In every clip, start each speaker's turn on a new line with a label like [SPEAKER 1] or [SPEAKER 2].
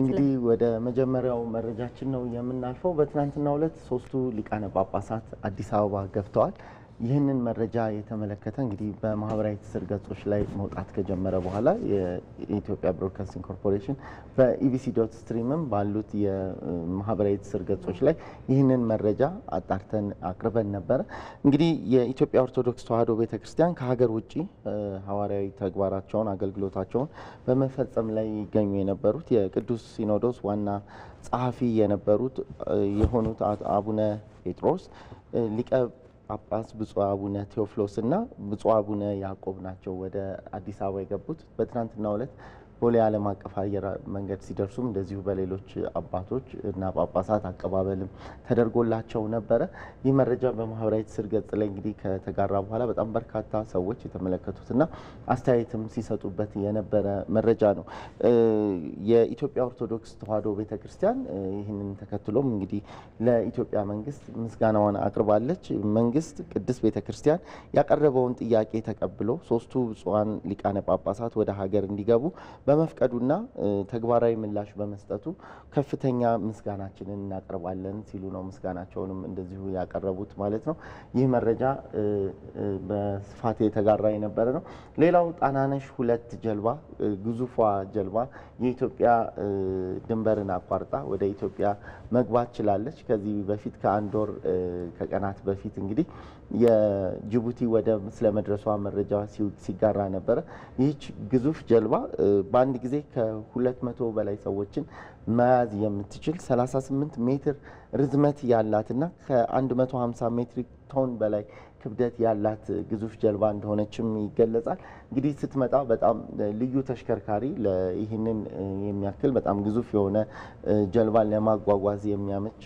[SPEAKER 1] እንግዲህ ወደ መጀመሪያው መረጃችን ነው የምናልፈው። በትናንትናው ዕለት ሶስቱ ሊቃነ ጳጳሳት አዲስ አበባ ገብተዋል። ይህንን መረጃ የተመለከተ እንግዲህ በማህበራዊ ትስስር ገጾች ላይ መውጣት ከጀመረ በኋላ የኢትዮጵያ ብሮድካስቲንግ ኮርፖሬሽን በኢቢሲ ዶት ስትሪምም ባሉት የማህበራዊ ትስስር ገጾች ላይ ይህንን መረጃ አጣርተን አቅርበን ነበረ። እንግዲህ የኢትዮጵያ ኦርቶዶክስ ተዋሕዶ ቤተክርስቲያን ከሀገር ውጭ ሐዋርያዊ ተግባራቸውን አገልግሎታቸውን በመፈጸም ላይ ይገኙ የነበሩት የቅዱስ ሲኖዶስ ዋና ጸሐፊ የነበሩት የሆኑት አቡነ ጴጥሮስ ሊቀ ጳጳስ ብፁዕ አቡነ ቴዎፍሎስ እና ብፁዕ አቡነ ያዕቆብ ናቸው ወደ አዲስ አበባ የገቡት። በትናንትናው ዕለት ቦሌ ዓለም አቀፍ አየር መንገድ ሲደርሱም እንደዚሁ በሌሎች አባቶች እና ጳጳሳት አቀባበልም ተደርጎላቸው ነበረ። ይህ መረጃ በማህበራዊ ትስስር ገጽ ላይ እንግዲህ ከተጋራ በኋላ በጣም በርካታ ሰዎች የተመለከቱትና አስተያየትም ሲሰጡበት የነበረ መረጃ ነው። የኢትዮጵያ ኦርቶዶክስ ተዋሕዶ ቤተ ክርስቲያን ይህንን ተከትሎም እንግዲህ ለኢትዮጵያ መንግስት ምስጋናዋን አቅርባለች። መንግስት ቅድስት ቤተ ክርስቲያን ያቀረበውን ጥያቄ ተቀብሎ ሶስቱ ብፁዓን ሊቃነ ጳጳሳት ወደ ሀገር እንዲገቡ በመፍቀዱና ተግባራዊ ምላሽ በመስጠቱ ከፍተኛ ምስጋናችንን እናቀርባለን ሲሉ ነው ምስጋናቸውንም እንደዚሁ ያቀረቡት ማለት ነው። ይህ መረጃ በስፋት የተጋራ የነበረ ነው። ሌላው ጣናነሽ ሁለት ጀልባ ግዙፏ ጀልባ የኢትዮጵያ ድንበርን አቋርጣ ወደ ኢትዮጵያ መግባት ችላለች። ከዚህ በፊት ከአንድ ወር ከቀናት በፊት እንግዲህ የጅቡቲ ወደብ ስለመድረሷ መረጃ ሲጋራ ነበረ። ይህች ግዙፍ ጀልባ በአንድ ጊዜ ከ200 በላይ ሰዎችን መያዝ የምትችል 38 ሜትር ርዝመት ያላትና ከ150 ሜትሪክ ቶን በላይ ክብደት ያላት ግዙፍ ጀልባ እንደሆነችም ይገለጻል። እንግዲህ ስትመጣ በጣም ልዩ ተሽከርካሪ ይህንን የሚያክል በጣም ግዙፍ የሆነ ጀልባን ለማጓጓዝ የሚያመች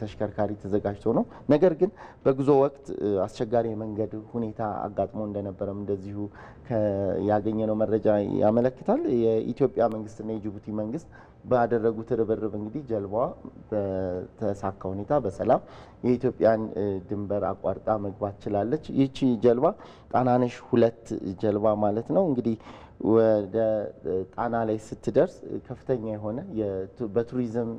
[SPEAKER 1] ተሽከርካሪ ተዘጋጅቶ ነው። ነገር ግን በጉዞ ወቅት አስቸጋሪ የመንገድ ሁኔታ አጋጥሞ እንደነበረም እንደዚሁ ያገኘነው መረጃ ያመለክታል። የኢትዮጵያ መንግስትና የጅቡቲ መንግስት ባደረጉት ርብርብ እንግዲህ ጀልባዋ በተሳካ ሁኔታ በሰላም የኢትዮጵያን ድንበር አቋርጣ መግባት ትችላለች። ይቺ ጀልባ ጣናነሽ ሁለት ጀልባ ማለት ነው እንግዲህ ወደ ጣና ላይ ስትደርስ ከፍተኛ የሆነ በቱሪዝም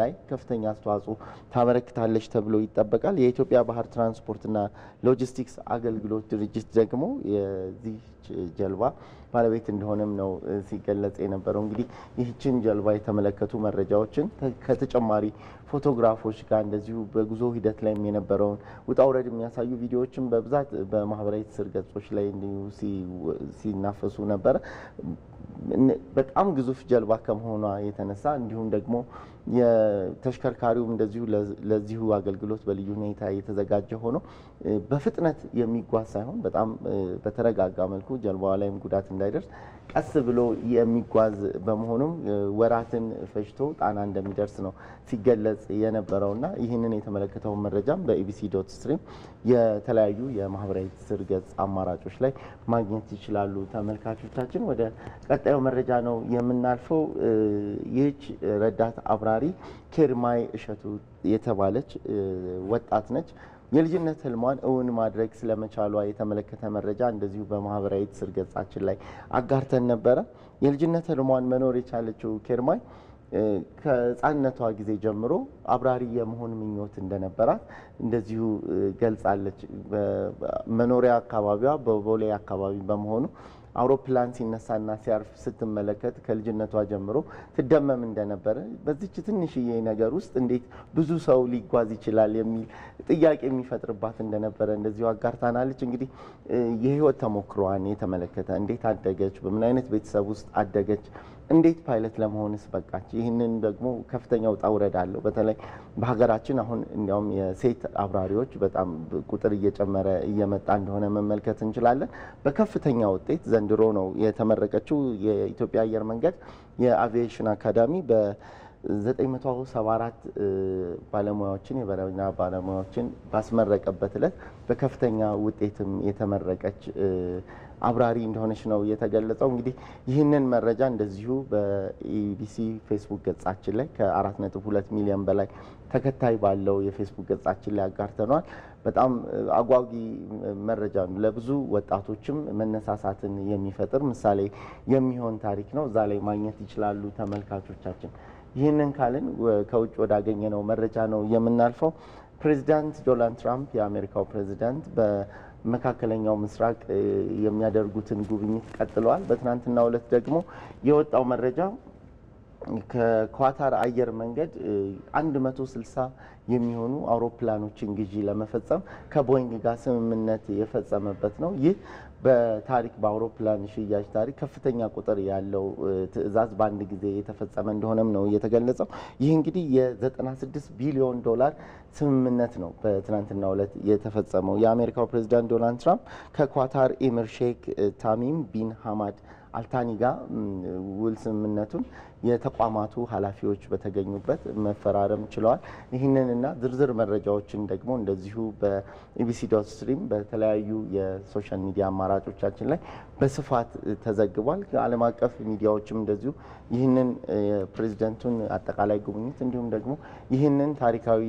[SPEAKER 1] ላይ ከፍተኛ አስተዋጽኦ ታበረክታለች ተብሎ ይጠበቃል። የኢትዮጵያ ባህር ትራንስፖርትና ሎጂስቲክስ አገልግሎት ድርጅት ደግሞ የዚህ ጀልባ ባለቤት እንደሆነም ነው ሲገለጽ የነበረው። እንግዲህ ይህችን ጀልባ የተመለከቱ መረጃዎችን ከተጨማሪ ፎቶግራፎች ጋር እንደዚሁ በጉዞ ሂደት ላይም የነበረውን ውጣ ውረድ የሚያሳዩ ቪዲዮዎችን በብዛት በማህበራዊ ትስስር ገጾች ላይ እንዲሁ ሲናፈሱ ነበር። para በጣም ግዙፍ ጀልባ ከመሆኗ የተነሳ እንዲሁም ደግሞ የተሽከርካሪውም እንደዚሁ ለዚሁ አገልግሎት በልዩ ሁኔታ የተዘጋጀ ሆኖ በፍጥነት የሚጓዝ ሳይሆን በጣም በተረጋጋ መልኩ ጀልባዋ ላይም ጉዳት እንዳይደርስ ቀስ ብሎ የሚጓዝ በመሆኑም ወራትን ፈጅቶ ጣና እንደሚደርስ ነው ሲገለጽ የነበረውና ይህንን የተመለከተውን መረጃም በኢቢሲ ዶት ስትሪም የተለያዩ የማህበራዊ ትስስር ገጽ አማራጮች ላይ ማግኘት ይችላሉ። ተመልካቾቻችን ወደ ቀጣዩ መረጃ ነው የምናልፈው። ይህች ረዳት አብራሪ ኬርማይ እሸቱ የተባለች ወጣት ነች። የልጅነት ህልሟን እውን ማድረግ ስለመቻሏ የተመለከተ መረጃ እንደዚሁ በማህበራዊ ትስስር ገጻችን ላይ አጋርተን ነበረ። የልጅነት ህልሟን መኖር የቻለችው ኬርማይ ከህፃንነቷ ጊዜ ጀምሮ አብራሪ የመሆን ምኞት እንደነበራት እንደዚሁ ገልጻለች። መኖሪያ አካባቢዋ በቦሌ አካባቢ በመሆኑ አውሮፕላን ሲነሳና ሲያርፍ ስትመለከት ከልጅነቷ ጀምሮ ትደመም እንደነበረ በዚች ትንሽዬ ነገር ውስጥ እንዴት ብዙ ሰው ሊጓዝ ይችላል የሚል ጥያቄ የሚፈጥርባት እንደነበረ እንደዚሁ አጋርታናለች። እንግዲህ የህይወት ተሞክሯዋን የተመለከተ እንዴት አደገች፣ በምን አይነት ቤተሰብ ውስጥ አደገች፣ እንዴት ፓይለት ለመሆንስ በቃች። ይህንን ደግሞ ከፍተኛ ውጣ ውረድ አለው። በተለይ በሀገራችን አሁን እንዲያውም የሴት አብራሪዎች በጣም ቁጥር እየጨመረ እየመጣ እንደሆነ መመልከት እንችላለን። በከፍተኛ ውጤት ዘንድ ዘንድሮ ነው የተመረቀችው። የኢትዮጵያ አየር መንገድ የአቪዬሽን አካዳሚ በ974 ባለሙያዎችን የበረራ ባለሙያዎችን ባስመረቀበት ዕለት በከፍተኛ ውጤትም የተመረቀች አብራሪ እንደሆነች ነው የተገለጸው። እንግዲህ ይህንን መረጃ እንደዚሁ በኢቢሲ ፌስቡክ ገጻችን ላይ ከ4.2 ሚሊዮን በላይ ተከታይ ባለው የፌስቡክ ገጻችን ላይ አጋርተነዋል። በጣም አጓጊ መረጃ ነው። ለብዙ ወጣቶችም መነሳሳትን የሚፈጥር ምሳሌ የሚሆን ታሪክ ነው። እዛ ላይ ማግኘት ይችላሉ ተመልካቾቻችን። ይህንን ካልን ከውጭ ወዳገኘነው መረጃ ነው የምናልፈው። ፕሬዚዳንት ዶናልድ ትራምፕ የአሜሪካው ፕሬዚዳንት መካከለኛው ምስራቅ የሚያደርጉትን ጉብኝት ቀጥለዋል። በትናንትናው ዕለት ደግሞ የወጣው መረጃ ከኳታር አየር መንገድ 160 የሚሆኑ አውሮፕላኖችን ግዢ ለመፈጸም ከቦይንግ ጋር ስምምነት የፈጸመበት ነው። ይህ በታሪክ በአውሮፕላን ሽያጭ ታሪክ ከፍተኛ ቁጥር ያለው ትዕዛዝ በአንድ ጊዜ የተፈጸመ እንደሆነም ነው የተገለጸው። ይህ እንግዲህ የ96 ቢሊዮን ዶላር ስምምነት ነው በትናንትናው ዕለት የተፈጸመው። የአሜሪካው ፕሬዚዳንት ዶናልድ ትራምፕ ከኳታር ኢምር ሼክ ታሚም ቢን ሀማድ አልታኒ ጋር ውል ስምምነቱን የተቋማቱ ኃላፊዎች በተገኙበት መፈራረም ችለዋል። ይህንንና ዝርዝር መረጃዎችን ደግሞ እንደዚሁ በኢቢሲ ዶት ስትሪም በተለያዩ የሶሻል ሚዲያ አማራጮቻችን ላይ በስፋት ተዘግቧል። ዓለም አቀፍ ሚዲያዎችም እንደዚሁ ይህንን የፕሬዚደንቱን አጠቃላይ ጉብኝት እንዲሁም ደግሞ ይህንን ታሪካዊ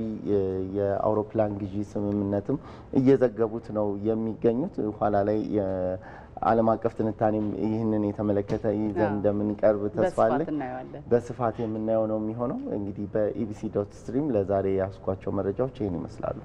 [SPEAKER 1] የአውሮፕላን ግዢ ስምምነትም እየዘገቡት ነው የሚገኙት ኋላ ላይ ዓለም አቀፍ ትንታኔም ይህንን የተመለከተ ይዘን እንደምንቀርብ ተስፋ አለን። በስፋት የምናየው ነው የሚሆነው። እንግዲህ በኢቢሲ ዶት ስትሪም ለዛሬ ያስኳቸው መረጃዎች ይህን ይመስላሉ።